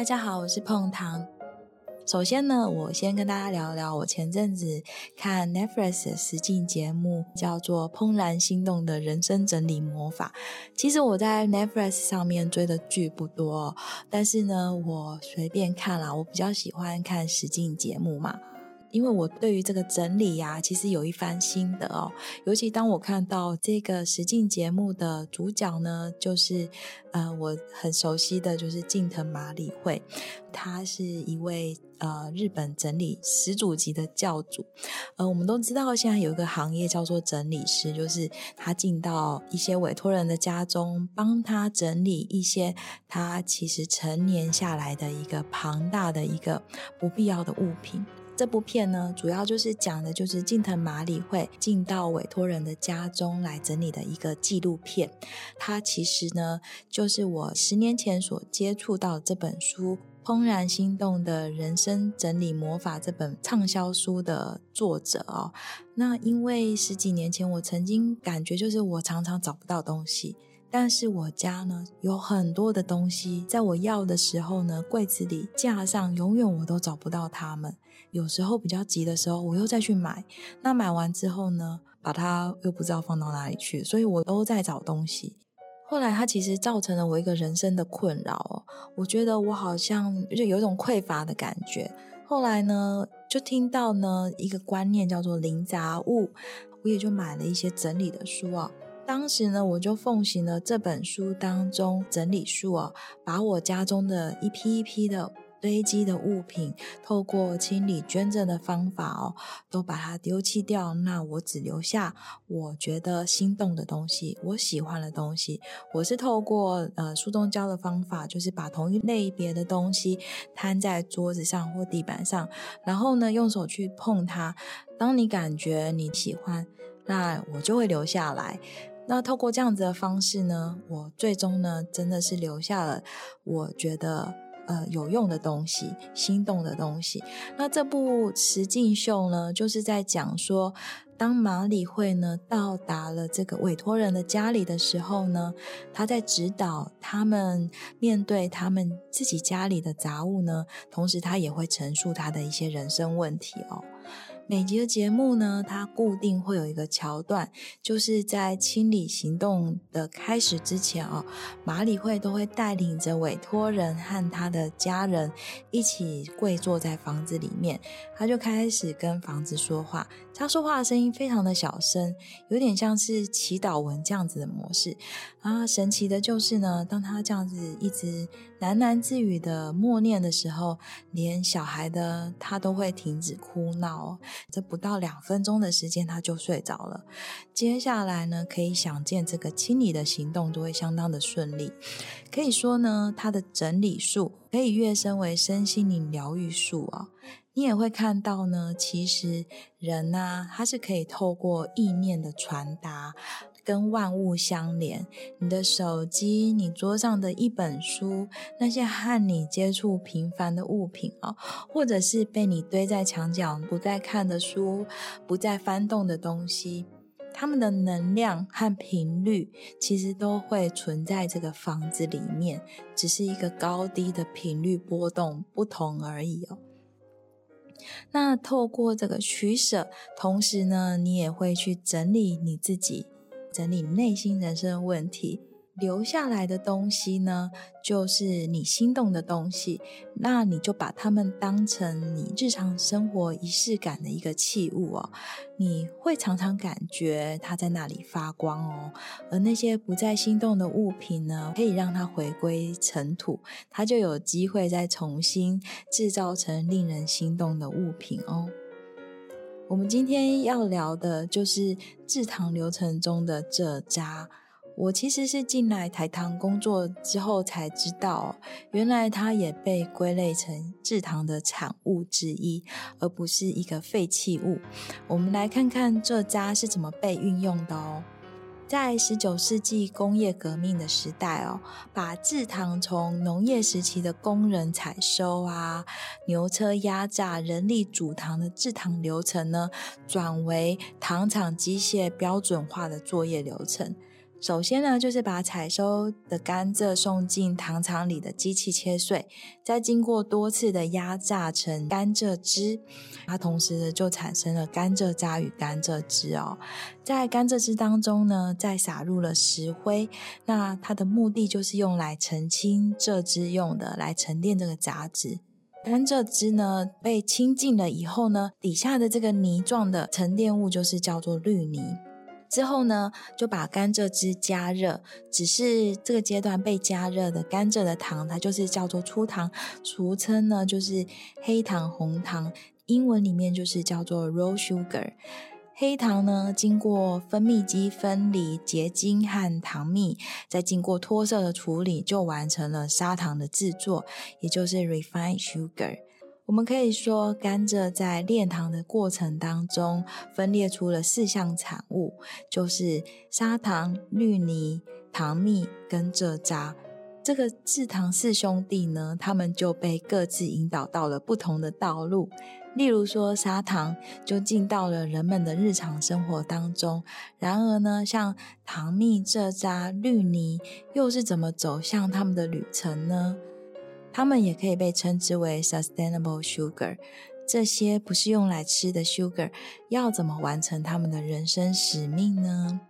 大家好，我是椪糖。首先呢，我先跟大家聊聊我前陣子看 Netflix 的實境節目，叫做《怦然心動的人生整理魔法》。其實我在 Netflix 上面追的劇不多，但是呢，我隨便看啦。我比較喜歡看實境節目嘛。因為我對於這個整理呀、啊，其實有一番心得哦。尤其當我看到這個實境節目的主角呢，就是呃，我很熟悉的就是近藤麻里惠，他是一位呃日本整理始祖級的教主。呃，我們都知道現在有一個行業叫做整理師，就是他進到一些委託人的家中，幫他整理一些他其實陳年下來的一個龐大的一個不必要的物品。這部片呢，主要就是講的，就是近藤麻理惠進到委托人的家中來整理的一個紀錄片。它其實呢，就是我十年前所接觸到這本書《怦然心動的人生整理魔法》這本暢銷書的作者哦。那因為十幾年前，我曾經感覺就是我常常找不到東西。但是我家呢有很多的東西，在我要的時候呢，櫃子裡架上永遠我都找不到它們。有時候比較急的時候，我又再去買，那買完之後呢，把它又不知道放到哪裡去，所以我都在找東西。後來它其實造成了我一個人生的困擾哦，我覺得我好像就有一種匱乏的感覺。後來呢，就聽到呢一個觀念叫做零雜物，我也就買了一些整理的書啊。當時呢，我就奉行了這本書當中整理術哦，把我家中的一批一批的堆積的物品，透過清理捐贈的方法哦，都把它丟棄掉。那我只留下我覺得心動的東西，我喜歡的東西。我是透過呃書中教的方法，就是把同一類別的東西攤在桌子上或地板上，然後呢用手去碰它。當你感覺你喜歡，那我就會留下來。那透過這樣子的方式呢，我最終呢，真的是留下了我覺得呃有用的東西、心動的東西。那這部實境秀呢，就是在講說，當麻理惠呢到達了這個委托人的家裡的時候呢，他在指導他們面對他們自己家裡的雜物呢，同時他也會陳述他的一些人生問題哦。每集的節目呢，它固定會有一個橋段，就是在清理行動的開始之前哦，馬里會都會帶領着委託人和他的家人一起跪坐在房子裡面，他就開始跟房子說話。他說話的聲音非常的小聲，有點像是祈禱文這樣子的模式。啊，神奇的就是呢，當他這樣子一直喃喃自語的默念的時候，連小孩的他都會停止哭鬧哦。這不到兩分鐘的時間，他就睡着了。接下來呢，可以想見這個清理的行動都會相當的順利。可以說呢，他的整理術可以躍升為身心靈療癒術啊哦。你也會看到呢，其實人啊，他是可以透過意念的傳達，跟萬物相連。你的手機、你桌上的一本書，那些和你接觸頻繁的物品哦，或者是被你堆在牆角不再看的書、不再翻動的東西，它們的能量和頻率其實都會存在這個房子裡面，只是一個高低的頻率波動不同而已哦。那透過這個取捨，同時呢，你也會去整理你自己，整理內心人生的問題。留下來的東西呢，就是你心動的東西，那你就把它們當成你日常生活儀式感的一個器物哦。你會常常感覺它在那裡發光哦。而那些不再心動的物品呢，可以讓它回歸塵土，它就有機會再重新製造成令人心動的物品哦。我們今天要聊的就是製糖流程中的蔗渣。我其實是進來台糖工作之後才知道，哦，原來它也被歸類成制糖的產物之一，而不是一個廢棄物。我們來看看這蔗渣是怎麼被運用的哦。在十九世紀工業革命的時代哦，把制糖從農業時期的工人採收啊、牛車壓榨、人力煮糖的制糖流程呢，轉為糖廠機械標準化的作業流程。首先呢，就是把採收的甘蔗送進糖廠裡的機器切碎，再經過多次的壓榨成甘蔗汁，它同時呢就產生了甘蔗渣與甘蔗汁哦。在甘蔗汁當中呢，再撒入了石灰，那它的目的就是用來澄清這汁用的，來沉澱這個雜質。甘蔗汁呢被清淨了以後呢，底下的這個泥狀的沉澱物就是叫做濾泥。之後呢，就把甘蔗汁加熱，只是這個階段被加熱的甘蔗的糖，它就是叫做粗糖，俗稱呢就是黑糖、紅糖，英文裡面就是叫做 raw sugar。黑糖呢，經過分泌機分離結晶和糖蜜，再經過脫色的處理，就完成了砂糖的製作，也就是 refined sugar。我們可以說，甘蔗在煉糖的過程當中，分裂出了四項產物，就是砂糖、濾泥、糖蜜跟蔗渣。這個製糖四兄弟呢，他們就被各自引導到了不同的道路。例如說，砂糖就進到了人們的日常生活當中。然而呢，像糖蜜、蔗渣、濾泥，又是怎麼走向他們的旅程呢？他們也可以被稱之為 sustainable sugar，這些不是用來吃的 sugar，要怎麼完成他們的人生使命呢？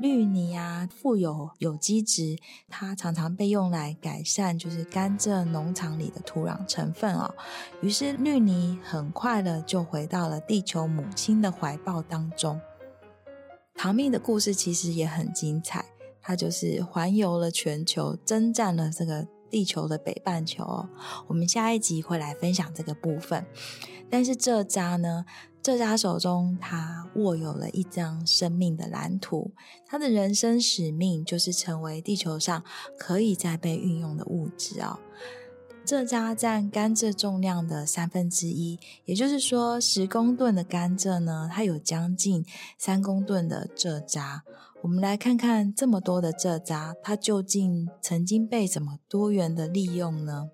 濾泥啊，富有有機質，它常常被用來改善就是甘蔗農場裡的土壤成分哦。於是濾泥很快的就回到了地球母親的懷抱當中。糖蜜的故事其實也很精彩，它就是環遊了全球，征戰了這個。地球的北半球、哦，我們下一集會來分享這個部分。但是蔗渣呢？蔗渣手中，它握有了一張生命的藍圖。它的人生使命就是成為地球上可以再被運用的物質哦。蔗渣占甘蔗重量的三分之一，也就是說，十公噸的甘蔗呢，它有將近三公噸的蔗渣。我們來看看這麼多的蔗渣，它究竟曾經被怎麼多元的利用呢？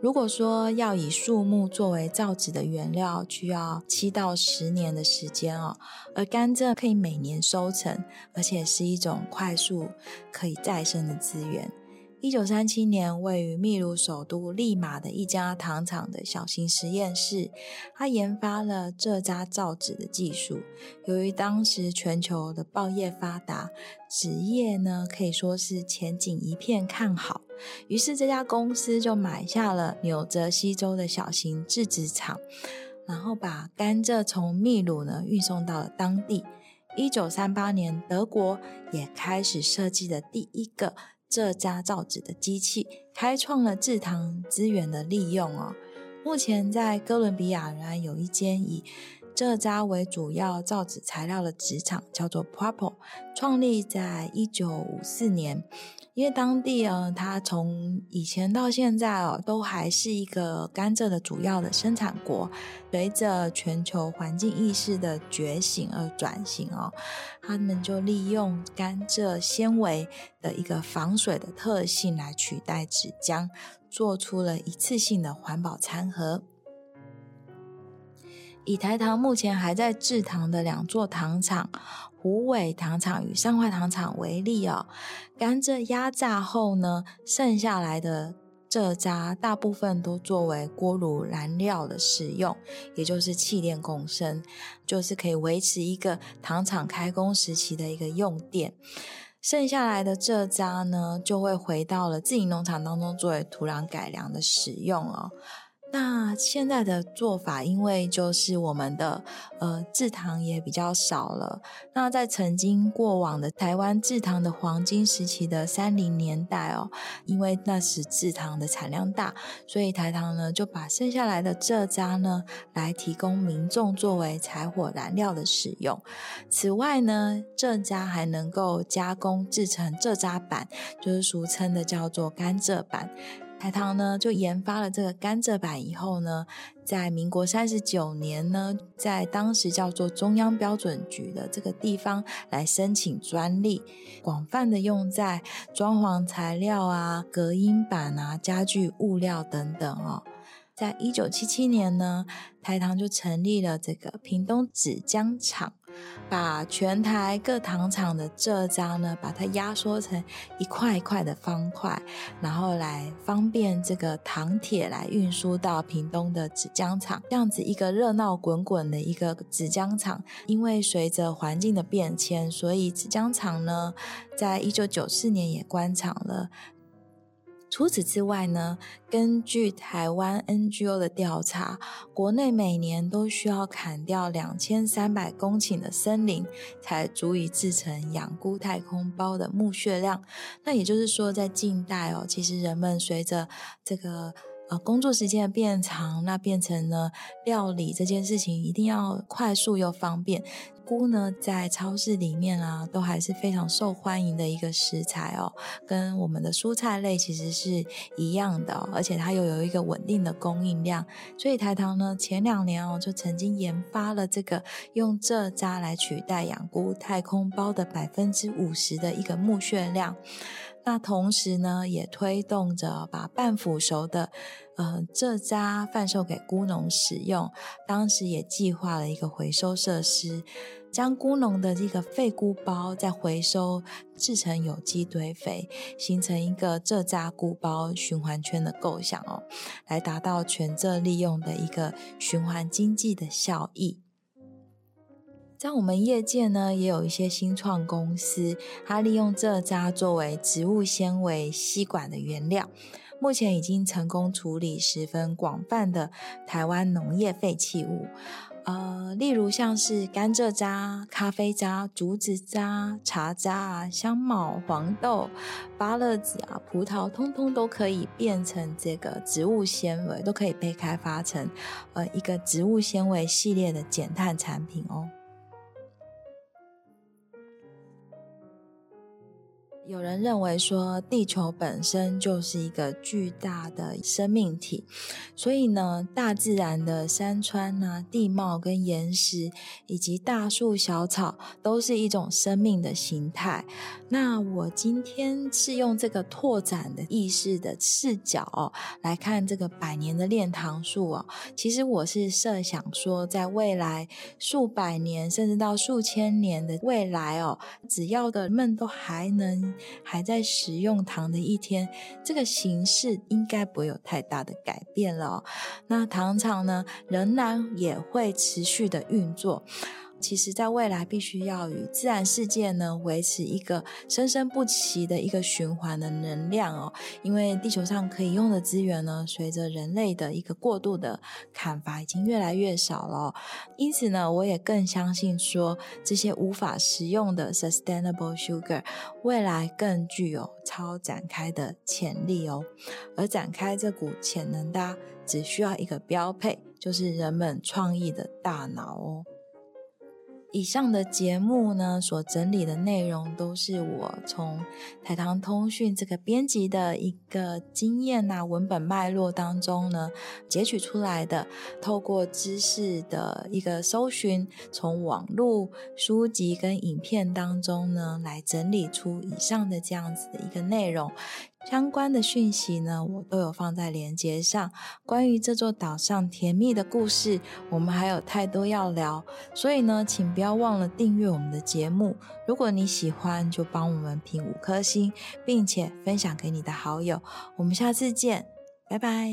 如果說要以樹木作為造紙的原料，需要七到十年的時間哦，而甘蔗可以每年收成，而且是一種快速可以再生的資源。一九三七年，位於秘魯首都利馬的一家糖廠的小型實驗室，他研發了蔗渣造紙的技術。由於當時全球的報業發達，紙業呢可以說是前景一片看好。於是這家公司就買下了紐澤西州的小型製紙廠，然後把甘蔗從秘魯呢運送到了當地。一九三八年，德國也開始設計了第一個。蔗渣造紙的機器開創了製糖資源的利用哦。目前在哥倫比亞仍然有一間以蔗渣為主要造紙材料的紙廠，叫做 Propal，創立在一九五四年。因為當地啊，它從以前到現在哦，都還是一個甘蔗的主要的生產國。隨着全球環境意識的覺醒而轉型哦，他們就利用甘蔗纖維的一個防水的特性來取代紙漿，做出了一次性的環保餐盒。以台糖目前還在制糖的兩座糖廠虎尾糖廠與善化糖廠為例哦，甘蔗壓榨後呢，剩下來的蔗渣大部分都作為鍋爐燃料的使用，也就是汽電共生，就是可以維持一個糖廠開工時期的一個用電。剩下來的蔗渣呢，就會回到了自營農場當中作為土壤改良的使用哦。那現在的做法，因為就是我們的呃製糖也比較少了。那在曾經過往的台灣製糖的黃金時期的三零年代哦，因為那時製糖的產量大，所以台糖呢就把剩下來的蔗渣呢來提供民眾作為柴火燃料的使用。此外呢，蔗渣還能夠加工制成蔗渣板，就是俗稱的叫做甘蔗板。台糖呢，就研發了這個甘蔗板以後呢，在民國三十九年呢，在當時叫做中央標準局的這個地方來申請專利，廣泛的用在裝潢材料啊、隔音板啊、家具物料等等哦、喔。在一九七七年呢，台糖就成立了這個屏東紙漿廠。把全台各糖廠的蔗渣呢，把它壓縮成一塊一塊的方塊，然後來方便這個糖鐵來運輸到屏東的紙漿廠。這樣子一個熱鬧滾滾的一個紙漿廠，因為隨着環境的變遷，所以紙漿廠呢，在一九九四年也關廠了。除此之外呢，根據台灣 NGO 的調查，國內每年都需要砍掉兩千三百公頃的森林，才足以製成養菇太空包的木屑量。那也就是說，在近代哦，其實人們隨着這個。呃，工作時間變長，那變成呢，料理這件事情一定要快速又方便。菇呢，在超市裡面啊，都還是非常受歡迎的一個食材哦，跟我們的蔬菜類其實是一樣的哦，而且它又有一個穩定的供應量。所以台糖呢，前兩年哦，就曾經研發了這個用蔗渣來取代養菇太空包的百分之五十的一個木屑量。那同時呢，也推動着把半腐熟的，呃，蔗渣販售給菇農使用。當時也計劃了一個回收設施，將菇農的這個廢菇包再回收製成有機堆肥，形成一個蔗渣菇包循環圈的構想哦，來達到全蔗利用的一個循環經濟的效益。在我們業界呢，也有一些新創公司，它利用蔗渣作為植物纖維吸管的原料，目前已經成功處理十分廣泛的台灣農業廢棄物，呃，例如像是甘蔗渣、咖啡渣、竹子渣、茶渣、香茅、黃豆、芭樂籽啊、葡萄，通通都可以變成這個植物纖維，都可以被開發成呃一個植物纖維系列的減碳產品哦。有人認為說，地球本身就是一個巨大的生命體，所以呢，大自然的山川吶、啊、地貌跟岩石，以及大樹、小草，都是一種生命的形態。那我今天是用這個拓展的意識的視角、哦、來看這個百年的煉糖樹哦。其實我是設想說，在未來數百年，甚至到數千年的未來哦，只要人們都還能。還在食用糖的一天，這個形式應該不會有太大的改變了哦。那糖廠呢，仍然也會持續的運作。其實，在未來必須要與自然世界呢維持一個生生不息的一個循環的能量哦。因為地球上可以用的資源呢，隨着人類的一個過度的砍伐，已經越來越少了哦。因此呢，我也更相信說，這些無法食用的 sustainable sugar，未來更具有超展開的潛力哦。而展開這股潛能搭啊，只需要一個標配，就是人們創意的大腦哦。以上的節目呢，所整理的內容都是我從台糖通訊這個編輯的一個經驗吶、啊、文本脈絡當中呢截取出來的，透過知識的一個搜尋，從網絡、書籍跟影片當中呢來整理出以上的這樣子的一個內容。相關的訊息呢，我都有放在連結上。關於這座島上甜蜜的故事，我們還有太多要聊，所以呢，請不要忘了訂閱我們的節目。如果你喜歡，就幫我們評五顆星，並且分享給你的好友。我們下次見，拜拜。